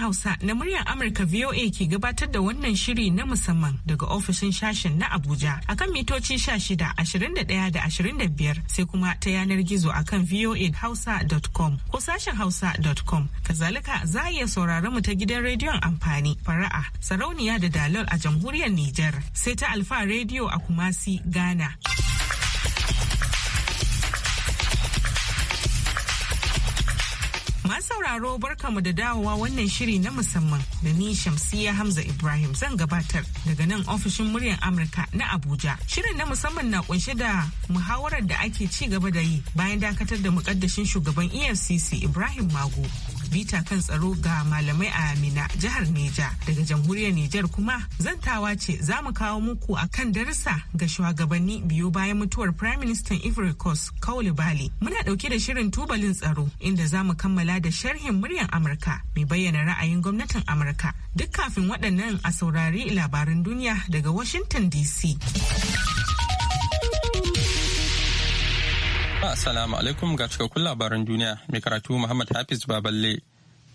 Hausa na muryar Amurka VOA ke gabatar da wannan shiri na musamman daga ofishin sashen na Abuja akan mitoci 16, ashirin da da ashirin biyar, sai kuma ta yanar gizo akan voahausa.com ko sashen hausa.com. Kazalika za a iya sauraron mu ta gidan rediyon amfani fara'a sarauniya da dalol a jamhuriyar Nijar sai ta Alfa rediyo a Kumasi, Ghana. Masu sauraro barkamu da dawowa wannan shiri na musamman da ni Shamsiya Hamza Ibrahim zan gabatar daga nan ofishin muryar Amurka na Abuja. Shirin na musamman na kunshe da muhawarar da ake ci gaba da yi bayan dakatar da mukaddashin shugaban EFCC Ibrahim Mago bita kan tsaro ga malamai a Amina jihar Neja daga jamhuriyar Nijar kuma zantawa ce za mu kawo muku a kan darasa ga shugabanni biyu bayan mutuwar Prime Minister Ivory Coast Kaule Bali. Muna dauke da shirin tubalin tsaro inda za mu kammala da sharhin muryar Amurka mai bayyana ra'ayin gwamnatin Amurka. Duk kafin waɗannan a saurari labaran duniya daga Washington DC. Assalamu alaikum ga cikakkun labaran duniya mai karatu Muhammad Hafiz Baballe.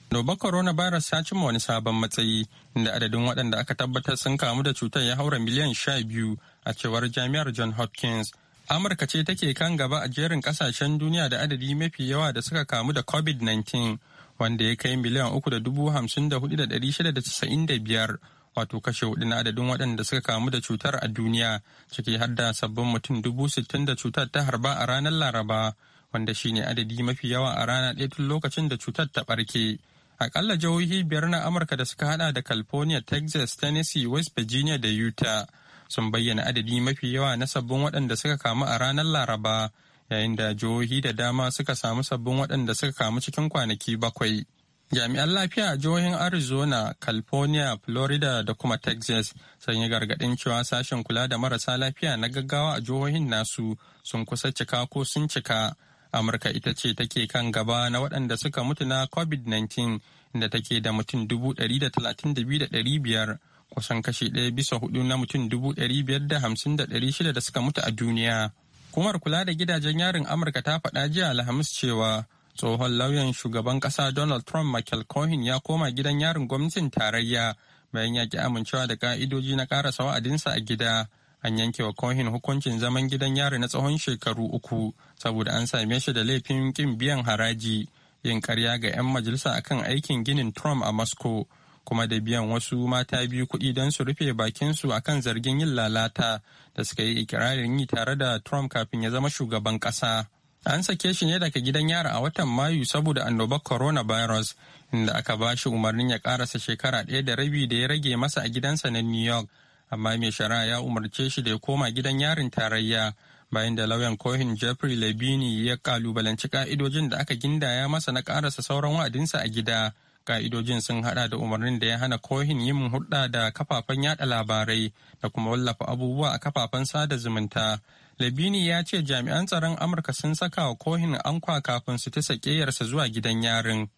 Nobar coronavirus ta cimma wani sabon matsayi inda adadin waɗanda aka tabbatar sun kamu da cutar ya haura miliyan sha biyu a cewar jami'ar John Hopkins. Amurka ce take kan gaba a jerin ƙasashen duniya da adadi mafi yawa da suka kamu da COVID-19 wanda ya kai miliyan uku da dubu hamsin da hudu da ɗari shida da casa'in da biyar wato kashe hudu na adadin waɗanda suka kamu da cutar a duniya ciki har da sabbin mutum dubu sittin da cutar ta harba a ranar laraba wanda shine adadi mafi yawa a rana ɗaya tun lokacin da cutar ta ɓarke akalla jihohi biyar na amurka da suka hada da california texas tennessee west virginia da utah sun bayyana adadi mafi yawa na sabbin waɗanda suka kamu a ranar laraba yayin da jihohi da dama suka samu sabbin waɗanda suka kamu cikin kwanaki bakwai Jami'an lafiya a jihohin Arizona, California, Florida da kuma Texas sun yi gargaɗin cewa sashen kula da marasa lafiya na gaggawa a jihohin nasu sun kusa cika ko sun cika. Amurka ita ce take kan gaba na waɗanda suka mutu na COVID-19 inda take da mutum biyar kusan kashi ɗaya bisa hudu na mutum shida da suka mutu a duniya. Kumar kula da gidajen yarin Amurka ta faɗa jiya Alhamis cewa tsohon lauyan shugaban kasa donald trump michael cohen ya koma gidan yarin gwamnatin tarayya bayan ya ki amincewa da ka'idoji na karasa wa'adinsa a gida an yanke wa cohen hukuncin zaman gidan yari na tsawon shekaru uku saboda an same shi da laifin kin biyan haraji yin karya ga 'yan majalisa akan aikin ginin trump a moscow kuma da biyan wasu mata biyu kuɗi don su rufe bakinsu akan zargin yin lalata da suka yi ikirarin yi tare da trump kafin ya zama shugaban ƙasa. An sake shi ne daga gidan yara a watan Mayu saboda annobar coronavirus inda aka ba shi umarnin ya karasa shekara ɗaya da rabi da ya rage masa a gidansa na New York. Amma mai shari'a ya umarce shi da ya koma gidan yarin tarayya bayan da lauyan kohin Jeffrey Labini ya kalubalanci ka'idojin da aka gindaya masa na karasa sauran wa'adinsa a gida. Ka'idojin sun hada da umarnin da ya hana kohin yin hulɗa da kafafen yada labarai da kuma wallafa abubuwa a kafafen sada zumunta. Labini ya ce jami'an tsaron Amurka sun saka wa Cohen ankwa kafin su ta sakeyarsa zuwa gidan yarin.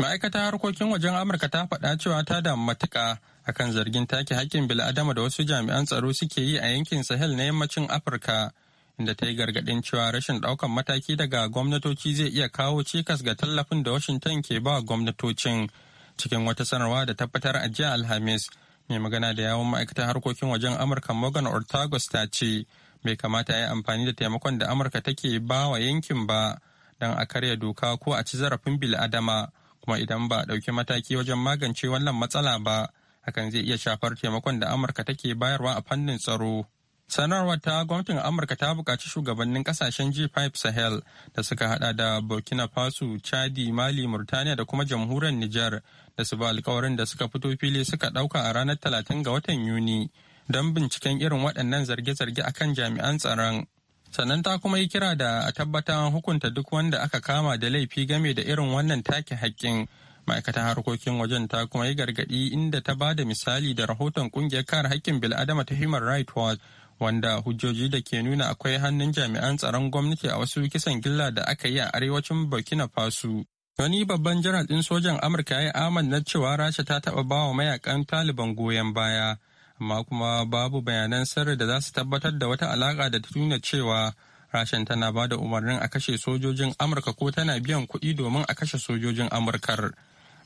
Ma'aikatar harkokin wajen Amurka ta faɗa cewa ta damu matuƙa akan zargin take hakkin bil'adama da wasu jami'an tsaro suke yi a yankin Sahel na yammacin Afirka. Inda ta yi gargaɗin cewa rashin ɗaukan mataki daga gwamnatoci zai iya kawo cikas ga tallafin da Washington ke ba gwamnatocin. Cikin wata sanarwa da tabbatar a jiya Alhamis, mai magana da yawon ma'aikatar harkokin wajen Amurka Morgan Ortagos ta ce, bai kamata a yi amfani da taimakon da amurka take ba wa yankin ba don a karya doka ko a ci zarafin bil'adama kuma idan ba a ɗauki mataki wajen magance wannan matsala ba hakan zai iya shafar taimakon da amurka take bayarwa a fannin tsaro sanarwar ta gwamnatin amurka ta buƙaci shugabannin kasashen g5 sahel da suka hada da burkina faso chadi mali murtaniya da kuma jamhuriyar niger da su ba alkawarin da suka fito fili suka ɗauka a ranar 30 ga watan yuni don binciken irin waɗannan zarge-zarge a kan jami'an tsaron. Sannan ta kuma yi kira da a tabbatar hukunta duk wanda aka kama da laifi game da irin wannan take hakkin. Ma'aikatan harkokin wajen ta kuma yi gargaɗi inda ta ba da misali da rahoton ƙungiyar kare hakkin bil'adama ta Human Right Watch wanda hujjoji da ke nuna akwai hannun jami'an tsaron gwamnati a wasu kisan gilla da aka yi a arewacin Burkina Faso. Wani babban jiran ɗin sojan Amurka ya yi amanna cewa Rasha ta taɓa ba wa mayakan Taliban goyon baya. amma kuma babu bayanan sirri da za su tabbatar da wata alaƙa da ta nuna cewa rashin tana ba da umarnin a kashe sojojin amurka ko tana biyan kuɗi domin a kashe sojojin amurkar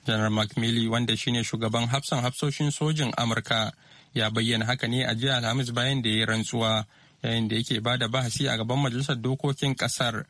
janar mcmillan wanda shine shugaban hafsan hafsoshin sojin amurka ya bayyana haka ne a jiya alhamis bayan da ya yi rantsuwa yayin da yake ba da bahasi a gaban majalisar dokokin kasar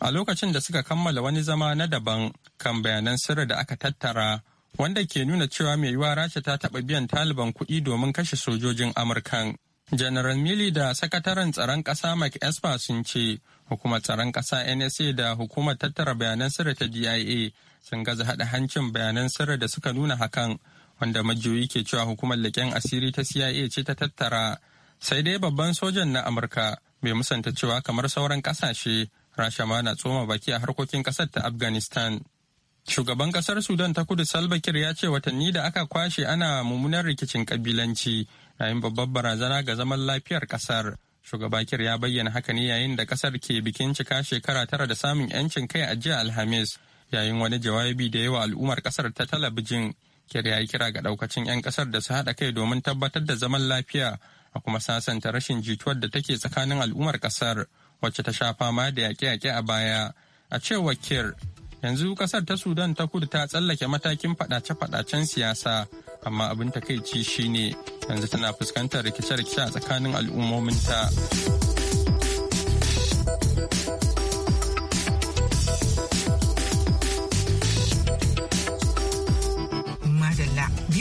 a lokacin da suka kammala wani zama na daban kan bayanan sirri da aka tattara wanda ke nuna cewa mai yiwuwa rasha ta taɓa biyan taliban kuɗi domin kashe sojojin amurka General mili da Sakataren Tsaron Ƙasa Mike Esper sun ce hukumar tsaron ƙasa NSA da hukumar tattara bayanan sirri ta DIA sun gaza haɗa hancin bayanan sirri da suka nuna hakan wanda majiyoyi ke cewa hukumar leƙen asiri ta CIA ce ta tattara. Sai dai babban sojan na Amurka bai musanta cewa kamar sauran ƙasashe Rasha ma na tsoma baki a harkokin ƙasar ta Afghanistan. Shugaban kasar Sudan ta kudu Salva Kiir ya ce watanni da aka kwashe ana mummunar rikicin kabilanci yayin babbar barazana ga zaman lafiyar kasar. Shugaba Kiir ya bayyana haka ne yayin da kasar ke bikin cika shekara tara da samun 'yancin kai a jiya Alhamis yayin wani jawabi da yawa al'ummar kasar ta talabijin. Kiir ya yi kira ga daukacin 'yan kasar da su haɗa kai domin tabbatar da zaman lafiya a kuma sasanta rashin jituwar da take tsakanin al'ummar kasar wacce ta sha fama da yaƙe-yaƙe a baya. A cewar Kiir, yanzu kasar ta sudan ta kudu ta tsallake matakin fadace-fadacen siyasa amma abin takaici shine yanzu tana fuskantar rikice-rikice a tsakanin al'ummominta.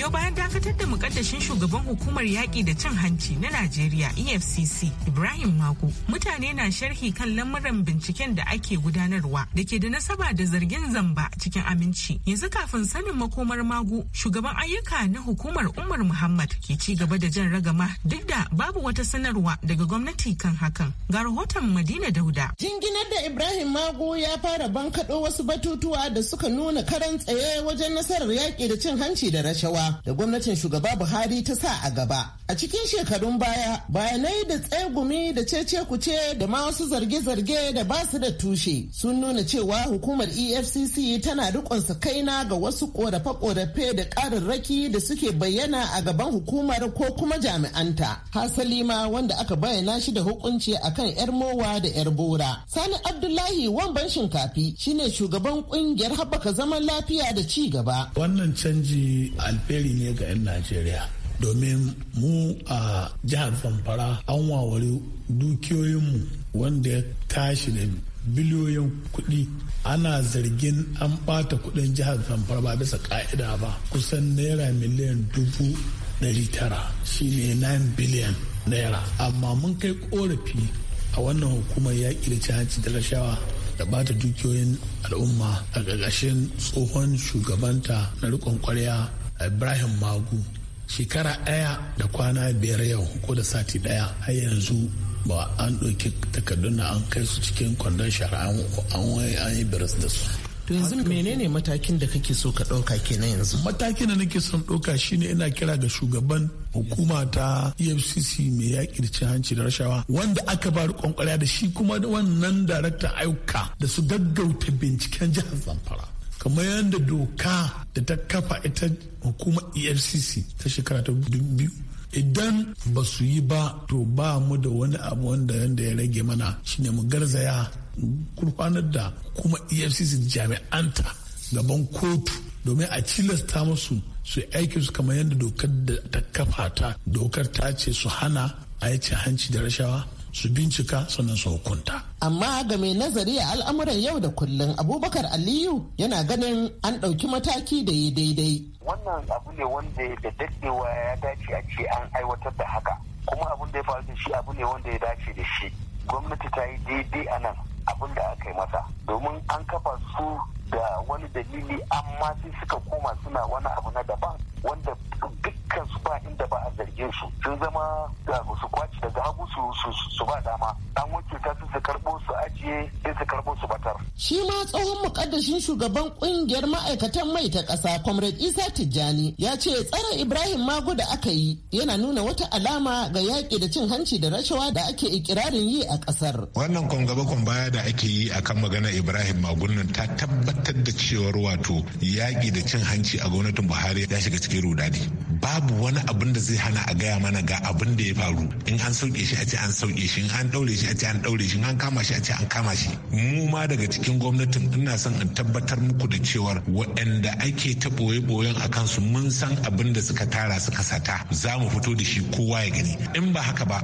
biyo bayan dakatar da mukaddashin shugaban hukumar yaƙi da cin hanci na Najeriya EFCC Ibrahim Mako mutane na sharhi kan lamuran binciken da ake gudanarwa da ke da nasaba da zargin zamba cikin aminci yanzu kafin sanin makomar magu shugaban ayyuka na hukumar Umar Muhammad ke ci gaba da jan ragama duk da babu wata sanarwa daga gwamnati kan hakan ga rahoton Madina Dauda jinginar da Ibrahim Magu ya fara bankaɗo wasu batutuwa da suka nuna karan tsaye wajen nasarar yaƙi da cin hanci da rashawa da gwamnatin shugaba Buhari ta sa a gaba. A cikin shekarun baya, bayanai da tsegumi da cece kuce da ma wasu zarge-zarge da ba su da tushe sun nuna cewa hukumar EFCC tana rikon kaina ga wasu korafe-korafe da ƙararraki da suke bayyana a gaban hukumar ko kuma jami'anta. Hasali ma wanda aka bayyana shi da hukunci akan 'yar mowa da 'yar bora. Sani Abdullahi Wamban Shinkafi shine shugaban kungiyar haɓaka zaman lafiya da ci gaba. Wannan canji alfi alheri ne ga 'yan najeriya domin mu a jihar zamfara an wawari dukiyoyinmu wanda ya tashi da biliyoyin kuɗi ana zargin an ɓata kuɗin jihar zamfara ba bisa ƙa'ida ba kusan naira miliyan dubu ɗari tara shine 9 biliyan naira amma mun kai ƙorafi a wannan hukumar yaƙi da da rashawa da bata dukiyoyin al'umma a ƙarƙashin tsohon shugabanta na riƙon ƙwarya ibrahim magu shekara ɗaya da kwana biyar yau ko da sati ɗaya har yanzu ba an ɗauki takardun na an kai su cikin kwandon shara an yi biris da su to yanzu menene matakin da kake so ka ɗauka kenan yanzu matakin da nake son ɗauka shine ina kira ga shugaban hukuma ta efcc mai yaƙi da cin hanci da rashawa wanda aka ba kwankwara da shi kuma wannan daraktan ayyuka da su gaggauta binciken jihar zamfara kamar yadda doka da ta kafa ita hukumar efcc ta shekara ta biyu idan ba su yi ba to ba mu da wani abu wanda yadda ya rage mana shine mu garzaya gurfanar da kuma efcc jami'anta gaban kotu domin a cilasta musu su aiki su kamar yadda dokar da ta kafa ta dokar ta ce su hana a yi hanci da rashawa su bincika sannan su hukunta. Amma ga mai nazari a al'amuran yau da kullum Abubakar Aliyu yana ganin an ɗauki mataki da ya daidai. Wannan abu ne wanda da daɗewa ya dace a ce an aiwatar da haka. Kuma abun da ya faru da shi abu ne wanda ya dace da shi. Gwamnati ta yi daidai a nan abin da aka yi masa. Domin an kafa su da wani dalili amma sai suka koma suna wani abu na daban wanda ba inda ba a zargin su sun zama ga su kwaci daga hagu su su ba dama an wuce ta su karbo su ajiye sai su karbo su batar shi ma tsohon mukaddashin shugaban kungiyar ma'aikatan mai ta kasa comrade isa tijjani ya ce tsare ibrahim magu da aka yi yana nuna wata alama ga yaƙi da cin hanci da rashawa da ake ikirarin yi a ƙasar. wannan kwangaba baya da ake yi akan magana ibrahim nan ta tabbatar da cewar wato yaƙi da cin hanci a gwamnatin buhari ya shiga cikin rudani babu wani abin da zai hana a gaya mana ga abin da ya faru in an sauke shi a ce an sauke shi in an daure shi a ce an daure shi in an kama shi a ce an kama shi mu ma daga cikin gwamnatin ina son in tabbatar muku da cewar waɗanda ake ta boye-boyen a kansu mun san abin da suka tara suka sata za mu fito da shi kowa ya gani in ba haka ba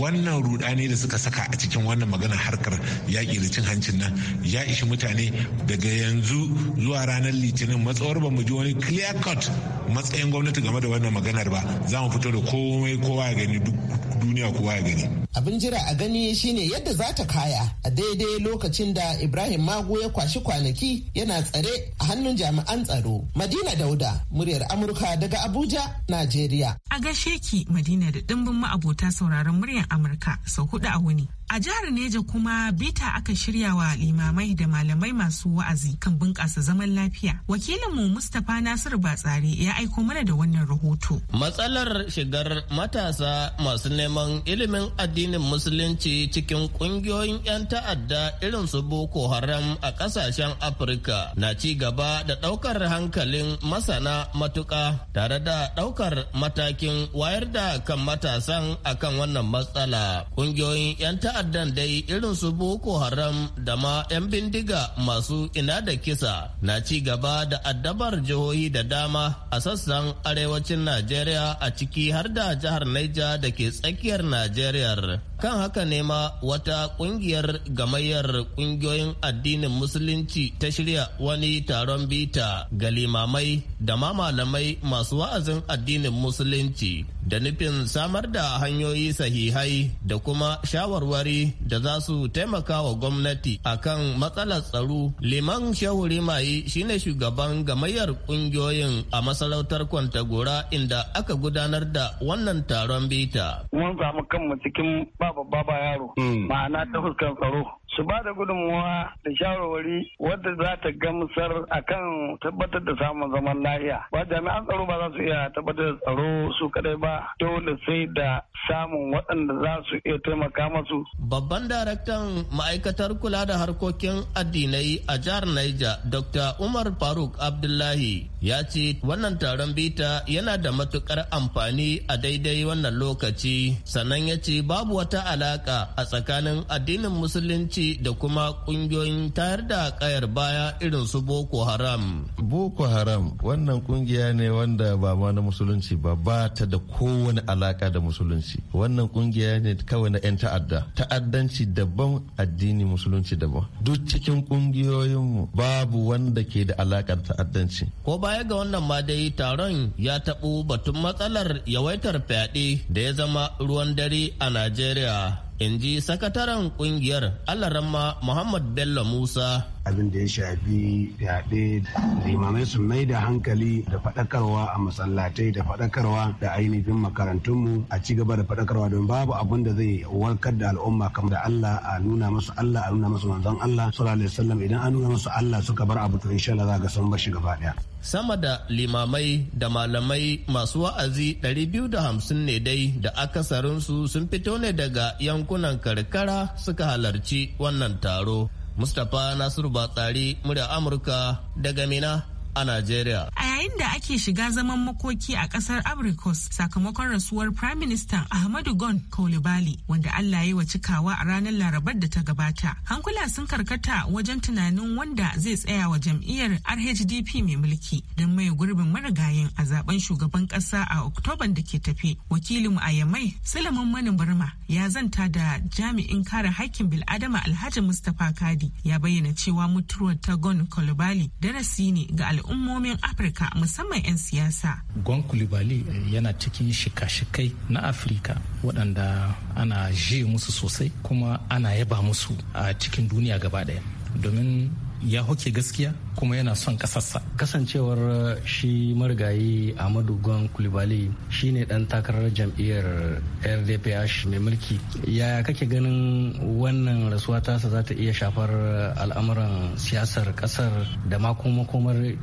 wannan rudani da suka saka a cikin wannan magana harkar yaƙi da cin hancin nan ya ishi mutane daga yanzu zuwa ranar litinin matsawar ba mu ji wani clear cut matsayin gwamnati game da wannan maganar ba za mu fito da komai kowa ya gani duk duniya kowa ya gani abin jira a gani shine yadda za ta kaya a daidai lokacin da ibrahim mago ya kwashi kwanaki yana tsare a hannun jami'an tsaro madina dauda muryar amurka daga abuja najeriya a gashe ki madina da dimbin ma'abota sauraron muryar amurka sau hudu a wuni A jihar Neja kuma bita aka shirya wa limamai da malamai masu wa'azi kan bunƙasa zaman lafiya. Wakilinmu Mustapha Nasiru Batsari ya aiko mana da wannan rahoto. Matsalar shigar matasa masu neman ilimin addinin musulunci cikin ƙungiyoyin 'yan ta'adda irin su Boko Haram a ƙasashen Afirka na ci gaba da ɗaukar hankalin masana matuƙa tare da ɗaukar matakin wayar da kan matasan akan wannan matsala. Ƙungiyoyin 'yan ta'adda ta'addan dai irin su Boko Haram da ma 'yan bindiga masu ina da kisa na ci gaba da addabar jihohi da dama a sassan arewacin Najeriya a ciki har da jihar Niger da ke tsakiyar Najeriya. kan haka ne ma wata kungiyar gamayyar kungiyoyin addinin musulunci ta shirya wani taron bita ga limamai da ma malamai masu wa'azin addinin musulunci da nufin samar da hanyoyi sahihai da kuma shawarwari da za su taimaka wa gwamnati a kan matsalar tsaro liman shehu rimayi shine shugaban gamayyar kungiyoyin a masarautar kwantagora inda aka gudanar da wannan taron bita mun samu kanmu cikin babba ba yaro mm. ma'ana ta fuskan tsaro su ba da gudunmuwa da shawarwari wadda za ta gamsar kan tabbatar da samun zaman lafiya ba jami'an tsaro ba za su iya tabbatar da tsaro su kadai ba dole sai da samun waɗanda za su iya taimaka masu babban daraktan ma'aikatar kula da harkokin addinai a jihar Niger Dr. Umar Faruk Abdullahi ya ce wannan taron bita yana da matukar amfani a daidai wannan lokaci sannan ya ce babu wata alaka a tsakanin addinin musulunci gwamnati da kuma kungiyoyin tayar da kayar baya irin su boko haram boko haram wannan kungiya ne wanda ba ma na musulunci ba ba ta da kowane alaka da musulunci wannan kungiya ne kawai na 'yan ta'adda ta'addanci daban addini musulunci daban duk cikin kungiyoyinmu babu wanda ke da alakar ta'addanci ko baya ga wannan ma dai taron ya taɓo batun matsalar yawaitar fyaɗe da ya zama ruwan dare a najeriya in ji sakataren kungiyar alaramma muhammad bello musa abin da ya shafi yaɗe limamai su mai da hankali da faɗakarwa a masallatai da faɗakarwa da ainihin makarantunmu a ci gaba da faɗakarwa don babu abun da zai warkar da al'umma kamar da Allah a nuna musu Allah a nuna musu manzon Allah sallallahu alaihi wasallam idan an nuna musu Allah suka bar abu to insha Allah za ga san bashi shi gaba ɗaya sama da limamai da malamai masu wa'azi 250 ne dai da akasarinsu sun fito ne daga yankunan karkara suka halarci wannan taro. Mustapha Nasiru Batsari, murya Amurka daga Mina a Najeriya. A yayin da ake shiga zaman makoki a kasar Abrikos sakamakon rasuwar Prime Minister Ahmadu Gon Koulibaly wanda Allah ya wa cikawa a ranar Larabar da ta gabata. Hankula sun karkata wajen tunanin wanda zai tsaya wa jam'iyyar RHDP mai mulki don mai gurbin marigayin a zaben shugaban kasa a Oktoban da ke tafe. wakilinmu a Yamai Sulaiman Manin Burma ya zanta da jami'in kare haƙƙin bil'adama Alhaji Mustapha Kadi ya bayyana cewa mutuwar ta Gon Koulibaly darasi ne ga al'umma. al'ummomin afirka musamman 'yan siyasa gwan kulibali eh, yana cikin shika-shikai na afirka waɗanda ana ji musu sosai kuma ana yaba musu a cikin duniya gaba ɗaya domin ya hoke gaskiya kuma yana son kasarsa kasancewar uh, shi marigayi ahmadu gwan kulibali ne dan takarar jam'iyyar rdph mai mulki yaya kake ganin wannan rasuwa tasa za ta iya shafar uh, al'amuran siyasar kasar da ma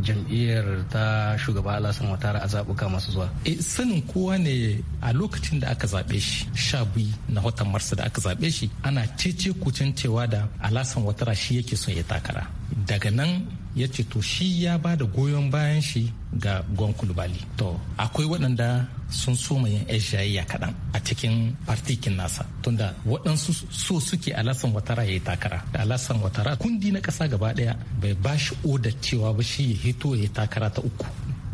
jam'iyyar ta shugaba alasan watara a zabuka masu zuwa eh, sanin kowa ne a lokacin da aka zaɓe shi sha na watan marsa da aka zaɓe shi ana cece kucin cewa da alasan watara shi yake son ya takara daga nan ya ce to shi ya ba da goyon bayan shi ga gwan kulubali to akwai waɗanda sun soma yin ya kaɗan a cikin partikin nasa tunda waɗansu so suke alasan watara ya yi takara da alasan watara kundi na ƙasa gaba ɗaya bai ba shi odar cewa ba shi ya hito ya yi takara ta uku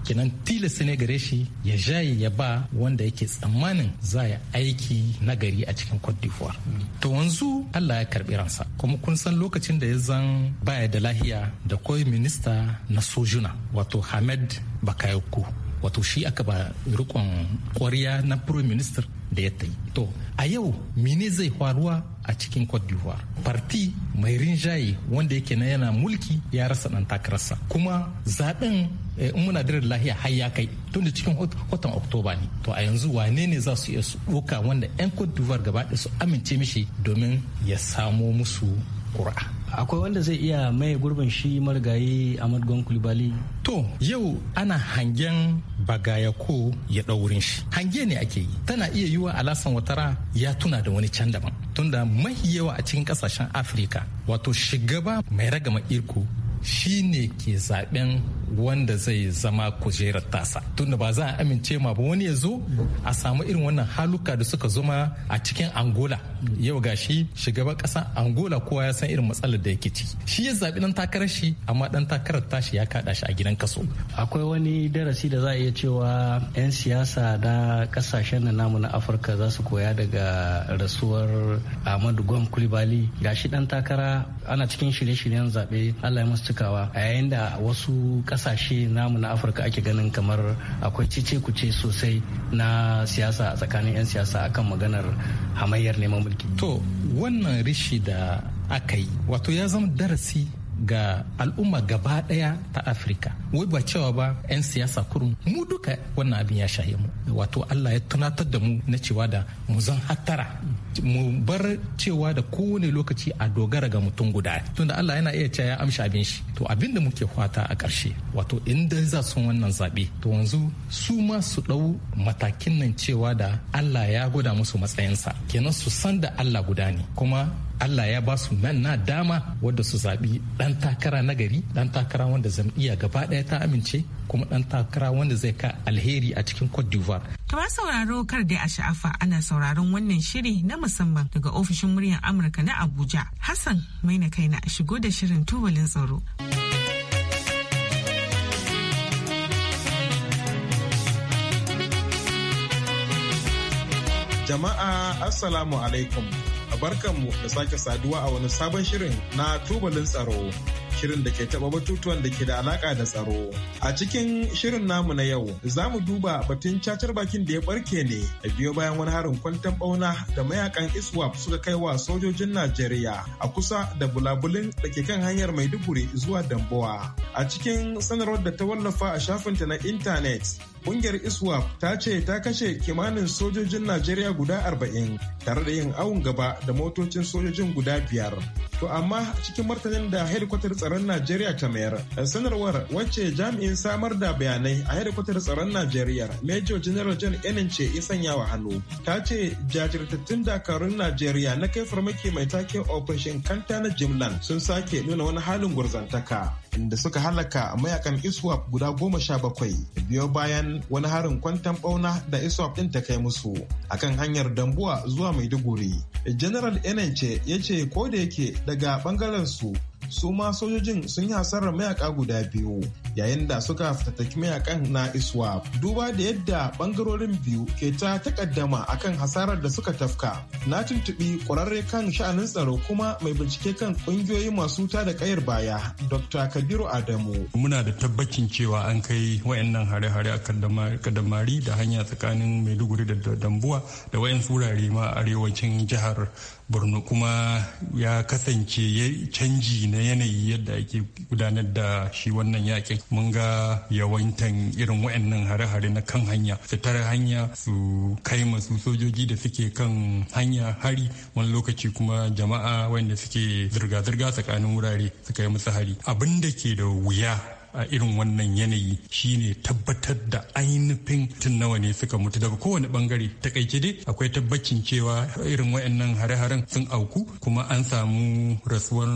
kenan tilas ne gare shi ya jaye ya ba wanda yake tsammanin za ya aiki nagari a cikin Cote d'Ivoire. To wanzu Allah ya karbi ransa kuma kun san lokacin da ya zan baya da lahiya da koyi minista na sojuna wato Hamed Bakayoko wato shi aka ba rikon kwariya na prime minister da ya ta yi. To a yau mene zai faruwa a cikin Cote d'Ivoire. Parti mai rinjaye wanda yake na yana mulki ya rasa ɗan takararsa. Kuma zaɓen eh, in muna da lahiya har ya kai tun da cikin watan oktoba ne to a yanzu wane ne za su iya su ɗoka wanda 'yan cote d'ivoire gaba su amince mishi domin ya samo musu ƙura'a akwai wanda zai iya maye gurbin shi marigayi ahmad gwan kulibali to yau ana hangen bagaya ko ya ɗaurin shi hange ne ake yi tana iya yiwa alasan watara ya tuna da wani can daban tunda mahi yawa a cikin kasashen afirka wato shugaba mai ragama irko shine ke zaben wanda zai zama kujerar tasa tunda ba za a amince ma ba wani ya zo a samu irin wannan haluka da suka zuma a cikin angola yau ga shi shugaban kasa angola kowa ya san irin matsalar da yake ciki shi ya zabi dan takarar shi amma dan takarar tashi ya kaɗa shi a gidan kaso akwai wani darasi da za a iya cewa 'yan siyasa na ƙasashen na namu na afirka za su koya daga rasuwar ahmadu gwam kulibali gashi dan takara ana cikin shirye-shiryen zaɓe allah ya masu cikawa a yayin da wasu kasashe namu na afirka ake ganin kamar akwai cice kuce sosai na siyasa a tsakanin 'yan siyasa akan maganar hamayyar neman mulki to wannan rishi da aka yi wato ya zama darasi ga al'umma gaba daya ta afirka wai ba cewa ba 'yan siyasa kurum mu duka wannan abin ya shahe mu wato allah ya tunatar da mu na cewa da mu zan hattara mu bar cewa da kowane lokaci a dogara ga mutum guda tunda Allah yana iya cewa ya amshi abin shi to abin da muke fata a ƙarshe wato inda za su wannan zaɓe to yanzu su ma su ɗau matakin nan cewa da Allah ya gwada musu matsayinsa kenan su san da Allah guda ne kuma Allah ya ba su nan na dama wadda su zaɓi ɗan takara na gari ɗan takara wanda jam'iyya gaba ɗaya ta amince kuma ɗan takara wanda zai ka alheri a cikin Cote d'Ivoire. Tuma sauraro kar dai a sha'afa ana sauraron wannan shiri na musamman daga ofishin muryar Amurka na Abuja. Hassan maina kaina shigo da shirin tubalin tsaro. Jama'a Assalamu alaikum. barkanmu da sake saduwa a wani sabon shirin na tubalin tsaro shirin da ke taba batutuwan da ke da alaka da tsaro. A cikin shirin namu na yau za mu duba batun cacar bakin da ya barke ne da biyo bayan wani harin kwantan ɓauna da mayakan ISWAP suka kai wa sojojin Najeriya a kusa da bulabulin da ke kan hanyar mai Maiduguri zuwa Damboa. A cikin sanarwar da ta wallafa a shafinta na intanet ƙungiyar iswap ta ce ta kashe kimanin sojojin najeriya guda arba'in, tare da yin awon gaba da motocin sojojin guda biyar to amma cikin martanin da helikwatar tsaron Najeriya ta mayar. Sanarwar wacce jami'in samar da bayanai a hedikwatar tsaron Najeriya Major General John Enin ce ya sanya wa hannu. Ta ce jajirtattun dakarun Najeriya na kai farmaki mai take Operation Kanta na Jimlan sun sake nuna wani halin gurzantaka. Inda suka halaka mayakan ISWAP guda goma sha bakwai biyo bayan wani harin kwantan bauna da ISWAP din ta kai musu akan hanyar Dambuwa zuwa Maiduguri. General Enance ce ya ce ko da yake daga bangaren su su ma sojojin sun yi hasarar mayaka guda biyu yayin da suka fatattaki mayakan na iswa duba da yadda bangarorin biyu ke ta takaddama akan hasarar da suka tafka na tuntubi kwararre kan sha'anin tsaro kuma mai bincike kan kungiyoyi masu ta da kayar baya dr kabiru adamu muna da tabbacin cewa an kai wayannan hare-hare a kadamari da hanya tsakanin maiduguri da dambuwa da wayan surare ma arewacin jihar borno kuma ya kasance canji na yanayi yadda ake gudanar da shi wannan yakin mun ga yawantan irin wa'annan hare-hare na kan hanya su tare hanya su kai masu sojoji da suke kan hanya hari wani lokaci kuma jama'a wanda suke zirga-zirga tsakanin wurare su kai musu hari abin da ke da wuya a irin wannan yanayi shine tabbatar da ainihin tun nawa ne suka mutu daga kowane bangare kai dai akwai tabbacin cewa irin wayannan hare-haren sun auku kuma an samu rasuwar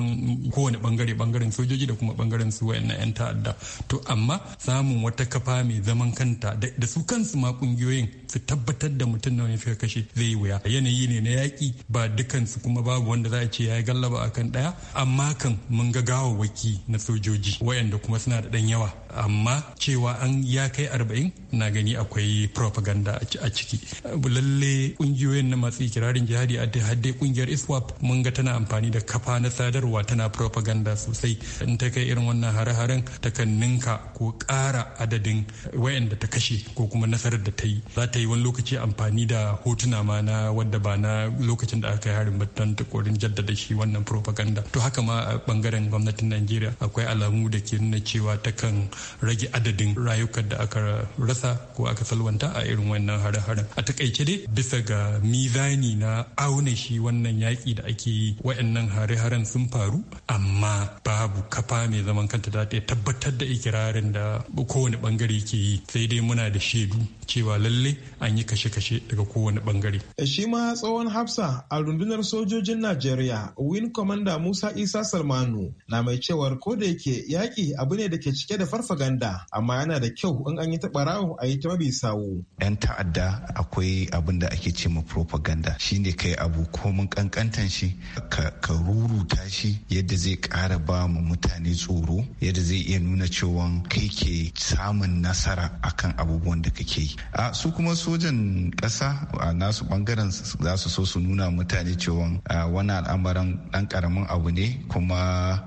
kowane bangare bangaren sojoji da kuma bangaren su wayannan 'yan ta'adda to amma samun wata kafa mai zaman kanta da su kansu ma kungiyoyin su tabbatar da mutum nawa ne suka kashe zai yi wuya yanayi ne na yaƙi ba dukansu kuma babu wanda za a ce ya yi gallaba akan ɗaya amma kan mun ga gawawwaki na sojoji wayanda kuma suna da ɗan yawa amma cewa an ya kai arba'in na gani akwai propaganda a ciki lalle ƙungiyoyin na masu ikirarin jihadi a hadde kungiyar iswap mun ga tana amfani da kafa na sadarwa tana propaganda sosai in ta kai irin wannan hare-haren ta kan ninka ko ƙara adadin wayanda ta kashe ko kuma nasarar da ta yi za ta yi wani lokaci amfani da hotuna ma na wadda ba na lokacin da aka yi harin ba don korin jaddada shi wannan propaganda to haka ma a bangaren gwamnatin najeriya akwai alamu da ke nuna cewa kan rage adadin rayukan da aka rasa ko aka salwanta a irin wannan hare-haren a takaice dai bisa ga mizani na auna shi wannan yaƙi da ake yi wa'annan hare-haren sun faru amma babu kafa mai zaman kanta da ta tabbatar da ikirarin da kowane bangare ke yi sai dai muna da shaidu cewa lalle an yi kashe-kashe daga kowane bangare. Shi ma tsohon Hafsa a rundunar sojojin Najeriya Win Commander Musa Isa Salmanu na mai cewar ko da yake yaƙi abu ne da ke cike da farfaganda amma yana da kyau in an yi taɓarawo a yi ta sawu. Yan ta'adda akwai abin da ake ce ma propaganda Shi ne kai abu ko mun ƙanƙantan shi ka ruruta shi yadda zai ƙara ba mu mutane tsoro yadda zai iya nuna cewa kai ke samun nasara akan abubuwan da kake yi. A su kuma su sojan kasa a nasu bangaren za su so su nuna mutane cewa wani al'amarin ɗan karamin abu ne kuma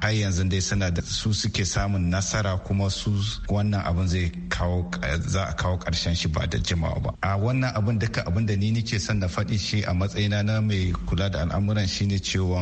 har yanzu dai suna da su suke samun nasara kuma su wannan abin zai kawo za a kawo karshen shi ba da jimawa ba a wannan abin duka abin da ni nake son na faɗi shi a matsayina na mai kula da al'amuran shine cewa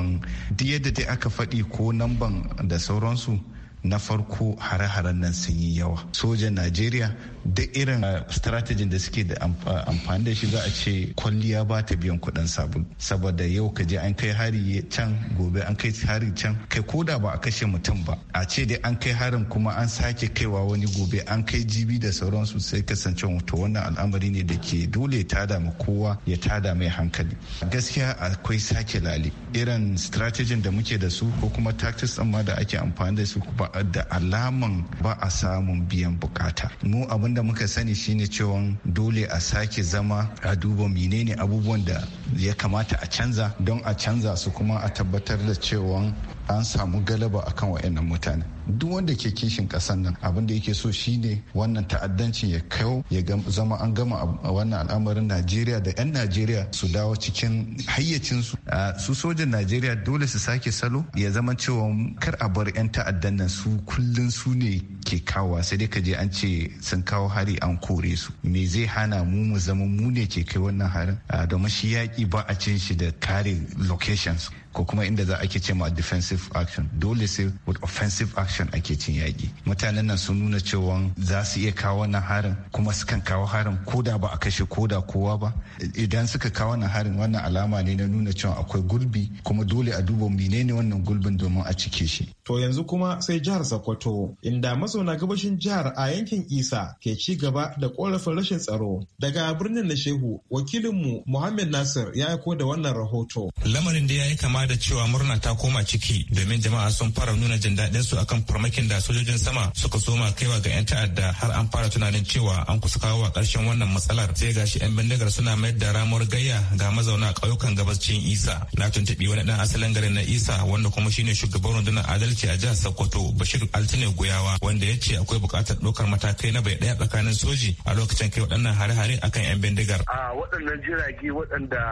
duk yadda dai aka faɗi ko namban da sauransu na farko hare-haren nan sun yi yawa sojan najeriya da irin ah, strategy da suke da ah, amfani da shi za a ce kwalliya ba ta biyan kuɗin sabulu saboda yau ka je an kai hari can gobe an kai hari can kai koda ba a kashe mutum ba a ce dai an kai harin kuma an sake kaiwa wani gobe an kai jibi da sauransu sai kasance wato wannan al'amari ne da ke dole ta damu kowa ya tada mai hankali gaskiya akwai sake lali irin strategy da muke da su ko kuma tactics amma da ake amfani da su ba da alaman ba a samun biyan bukata mu abin wanda muka sani shine cewa dole a sake zama a duba menene abubuwan da ya kamata a canza don a canza su kuma a tabbatar da cewa an samu galaba a akan wa'annan mutane duk wanda ke kishin kasan nan abin da yake so shine wannan ta'addancin ya kawo ya zama an gama wannan al'amarin najeriya da 'yan najeriya su dawo cikin hayyacinsu su sojan najeriya dole su sake salo ya zama cewa kar a bar 'yan ta'addan nan su kullum su ne ke kawa sai dai ka je an ce sun kawo hari an kore su me zai hana mu mu zama mu ne ke kai wannan harin domin shi yaƙi ba a cin shi da kare locations ko kuma inda za ake ce ma defensive action dole sai with offensive action ake cin yaƙi mutanen nan sun nuna cewa za su iya kawo wannan harin kuma su kan kawo harin ko da ba a kashe ko da kowa ba idan suka kawo wannan harin wannan alama ne na nuna cewa akwai gulbi kuma dole a duba menene wannan gulbin domin a cike shi to yanzu kuma sai jihar sokoto inda mazauna gabashin jihar a yankin isa ke ci gaba da korafin rashin tsaro daga birnin na shehu wakilinmu muhammad nasir ya aiko da wannan rahoto lamarin da ya yi kama ma da cewa murna ta koma ciki domin jama'a sun fara nuna jin daɗin su akan farmakin da sojojin sama suka soma kaiwa ga 'yan ta'adda har an fara tunanin cewa an kusa kawo a ƙarshen wannan matsalar sai gashi 'yan bindigar suna mayar da ramuwar gayya ga mazauna ƙauyukan cikin isa na tuntuɓi wani ɗan asalin garin na isa wanda kuma shine shugaban rundunar adalci a jihar sokoto bashir altine guyawa wanda ya ce akwai buƙatar ɗaukar matakai na bai ɗaya tsakanin soji a lokacin kai waɗannan hare-hare akan 'yan bindigar. a waɗannan jirage waɗanda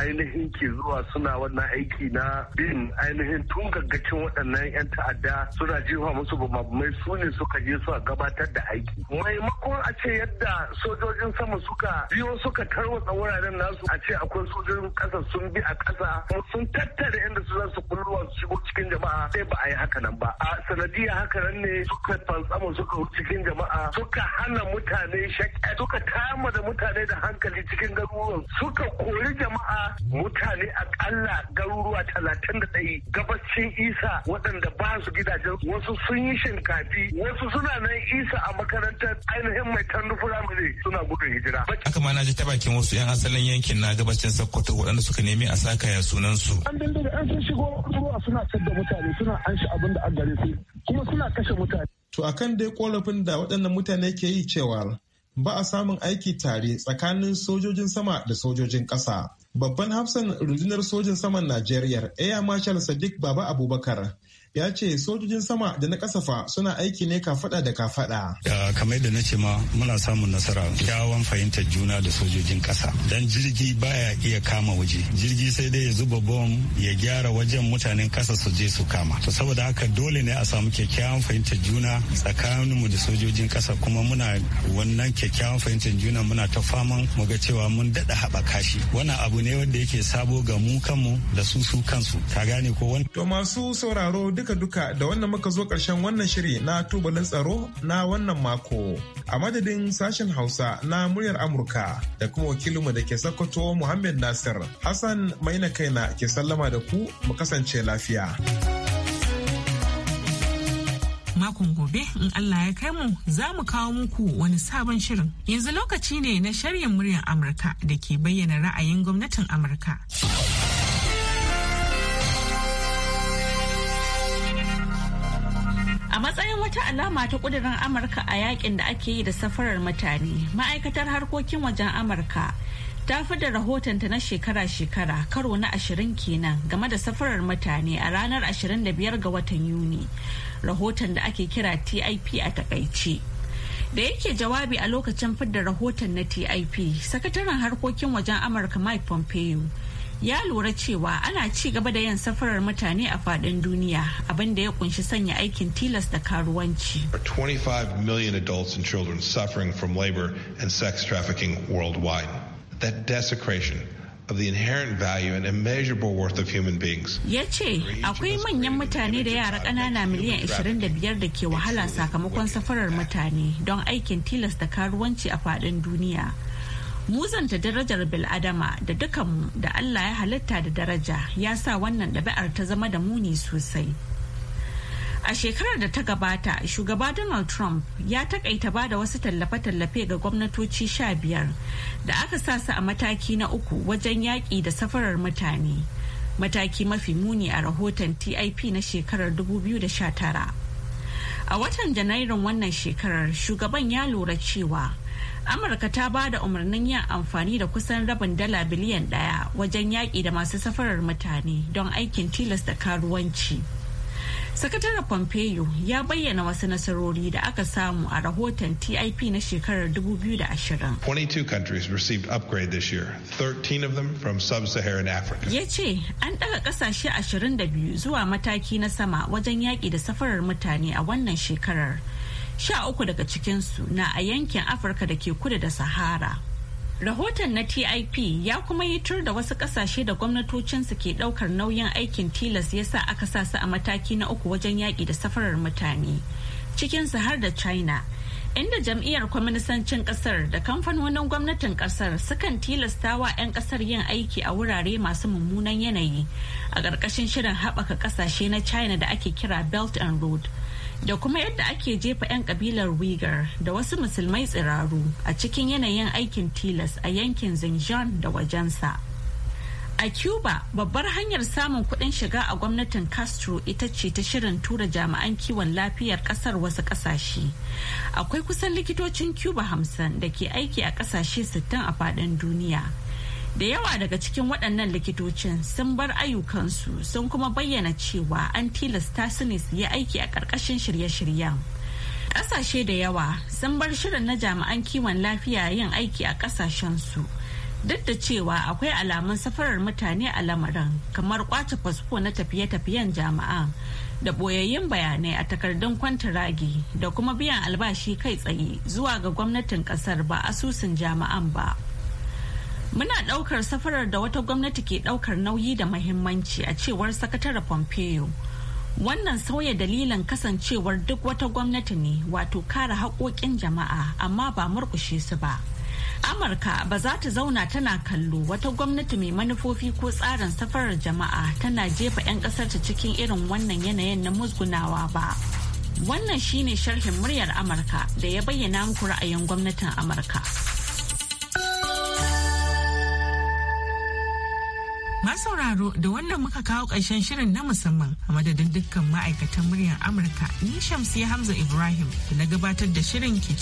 ainihin ke zuwa suna wannan aiki na bin ainihin tun gaggacin waɗannan 'yan ta'adda suna jefa musu bamabamai su ne suka je suka gabatar da aiki maimakon a ce yadda sojojin sama suka biyo suka tarwatsa wuraren nasu a ce akwai sojojin ƙasa sun bi a ƙasa sun tattara inda su za su kulluwa su shigo cikin jama'a sai ba a yi haka nan ba a sanadiyya haka nan ne suka fantsama suka cikin jama'a suka hana mutane shakka suka kama da mutane da hankali cikin garuruwan suka kori jama'a cewa mutane akalla garuruwa talatin da ɗaya gabacin isa waɗanda ba su gidajen wasu sun yi shinkafi wasu suna nan isa a makarantar ainihin mai tandu firamare suna gudun hijira. Haka ma na ji ta bakin wasu 'yan asalin yankin na gabacin Sokoto waɗanda suka nemi a saka ya sunan su. An da yan sun shigo ruwa suna da mutane suna an shi abin da an gare su kuma suna kashe mutane. To akan dai korafin da waɗannan mutane ke yi cewa ba a samun aiki tare tsakanin sojojin sama da sojojin ƙasa. babban hafsan rundunar sojin saman najeriya air marshal sadiq baba abubakar ya ce sojojin sama da na kasafa suna aiki ne kafada da kafada. kamar yadda na ce ma muna samun nasara kyawawan fahimtar juna da sojojin kasa dan jirgi baya iya kama waje jirgi sai dai ya zuba bom ya gyara wajen mutanen kasa su je su kama to saboda haka dole ne a samu kyakkyawan fahimtar juna tsakaninmu da sojojin kasa kuma muna wannan kyakkyawan fahimtar juna muna ta faman mu ga cewa mun dada haɓaka shi wannan abu ne wanda yake sabo ga mu kanmu da su su kansu ka gane ko wani. to masu sauraro duk duka-duka da wannan muka zo ƙarshen wannan shiri na tubalin tsaro na wannan mako. A madadin sashen Hausa na muryar Amurka da kuma wakilinmu da ke Sokoto Muhammad Nasir, Hassan Maina Kaina ke sallama da ku mu kasance lafiya. Makon gobe in Allah ya kai mu za mu kawo muku wani sabon shirin. Yanzu lokaci ne na shirin muryar Amurka da ke bayyana ra'ayin gwamnatin Amurka. wata alama ta kudirin amurka a yakin da ake yi da safarar mutane ma'aikatar harkokin wajen amurka ta da rahotonta na shekara-shekara karo na ashirin kenan game da safarar mutane a ranar 25 ga watan yuni rahoton da ake kira tip a takaice da yake jawabi a lokacin fidda rahoton na tip sakataren harkokin wajen amurka mike pompeo ya lura cewa ana ci gaba da yin safarar mutane a faɗin duniya abinda ya kunshi sanya aikin tilas da karuwanci. 25 million adults and children suffering from labor and sex trafficking worldwide. That desecration of the inherent value and immeasurable worth of human beings. Ya ce akwai manyan mutane da yara ƙanana miliyan 25 da ke wahala sakamakon safarar mutane don aikin tilas da karuwanci a faɗin duniya. muzanta darajar bil'adama da dukanmu da allah ya halitta da daraja ya sa wannan ɗabi'ar ta zama da muni sosai a shekarar da ta gabata shugaba donald trump ya takaita ba da wasu tallafe-tallafe ga gwamnatoci sha biyar da aka sa su a mataki na uku wajen yaƙi da safarar mutane mataki mafi muni a rahoton tip na shekarar 2019 a watan janairun wannan shekarar shugaban ya lura cewa amurka ta ba da umarnin yin amfani da kusan rabin dala biliyan daya wajen yaƙi da masu safarar mutane don aikin tilasta karuwanci Sakatare pompeo ya bayyana wasu nasarori da aka samu a rahoton tip na shekarar 2020 22 countries received upgrade this year 13 of them from sub-saharan africa ya ce an daga kasashe 22 zuwa mataki na sama wajen yaƙi da safarar mutane a wannan shekarar sha uku daga cikinsu na a yankin afirka da ke kudu da sahara rahoton na tip ya kuma tur da wasu kasashe da gwamnatocinsu ke daukar nauyin aikin tilas ya sa aka sa su a mataki na uku wajen yaƙi da safarar mutane cikinsu har da china inda jam'iyyar kwaminisancin kasar da kamfanonin gwamnatin kasar sukan tilasta wa 'yan kasar yin aiki a wurare masu mummunan yanayi a ƙarƙashin shirin haɓaka ƙasashe na china da ake kira belt and road da kuma yadda ake jefa 'yan kabilar Uyghur da wasu musulmai tsiraru a cikin yanayin aikin tilas a yankin Xinjiang da wajensa. A Cuba, babbar hanyar samun kuɗin shiga a gwamnatin Castro ita ce ta shirin tura jami'an kiwon lafiyar ƙasar wasu ƙasashe. Akwai kusan likitocin Cuba hamsin da ke aiki a ƙasashe 60 a faɗin duniya. da yawa daga cikin waɗannan likitocin sun bar ayyukansu sun kuma bayyana cewa an tilasta su ne su yi aiki a ƙarƙashin shirye-shiryen ƙasashe da yawa sun bar shirin na jami'an kiwon lafiya yin aiki a ƙasashensu duk da cewa akwai alamun safarar mutane a lamarin kamar kwace fasfo na tafiye-tafiyen jami'a da ɓoyayyun bayanai a takardun kwantiragi da kuma biyan albashi kai tsaye zuwa ga gwamnatin ƙasar ba asusun jami'an ba Muna ɗaukar safarar da wata gwamnati ke ɗaukar nauyi da mahimmanci a cewar Sakatare Pompeo. Wannan sauya dalilin kasancewar duk wata gwamnati ne wato kare haƙoƙin jama'a amma ba murƙushe su ba. Amurka ba za ta zauna tana kallo wata gwamnati mai manufofi ko tsarin safarar jama'a tana jefa 'yan ƙasarta cikin irin wannan yanayin na musgunawa ba. Wannan shine sharhin muryar Amurka da ya bayyana muku ra'ayin gwamnatin Amurka. sauraro da wannan muka kawo ƙarshen shirin na musamman a madadin dukkan ma'aikatan muryar Amurka ni Shamsi Hamza Ibrahim da na gabatar da shirin ke